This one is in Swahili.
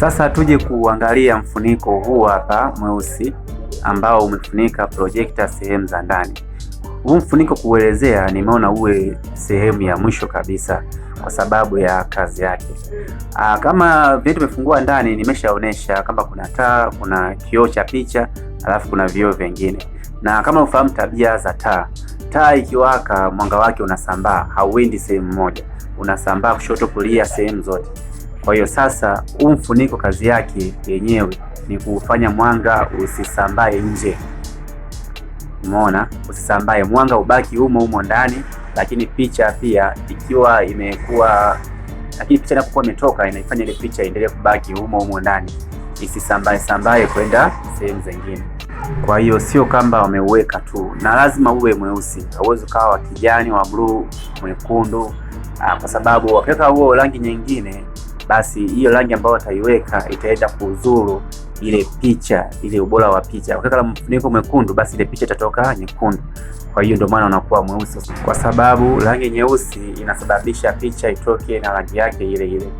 Sasa tuje kuangalia mfuniko huu hapa mweusi ambao umefunika projector sehemu za ndani. Huu mfuniko kuelezea, nimeona uwe sehemu ya mwisho kabisa kwa sababu ya kazi yake. Aa, ah, kama vitu vimefungua ndani, nimeshaonesha kama kuna taa, kuna kioo cha picha, alafu kuna vioo vingine, na kama ufahamu tabia za taa, taa ikiwaka mwanga wake unasambaa, hauendi sehemu moja, unasambaa kushoto, kulia, sehemu zote. Kwa hiyo sasa huu mfuniko kazi yake yenyewe ni kuufanya mwanga usisambae nje. Umeona, usisambae, mwanga ubaki humo humo ndani, lakini picha pia ikiwa imekuwa, lakini picha inapokuwa imetoka inaifanya ile picha iendelee kubaki humo humo ndani, isisambae sambae kwenda sehemu zingine. Kwa hiyo sio kamba wameuweka tu, na lazima uwe mweusi, hauwezi ukawa wa kijani, wa bluu, mwekundu, kwa sababu wakiweka huo rangi nyingine basi hiyo rangi ambayo wataiweka itaenda kuzuru ile picha, ile ubora wa picha. Ukiweka mfuniko mwekundu, basi ile picha itatoka nyekundu. Kwa hiyo ndio maana unakuwa mweusi, kwa sababu rangi nyeusi inasababisha picha itoke na rangi yake ile ile.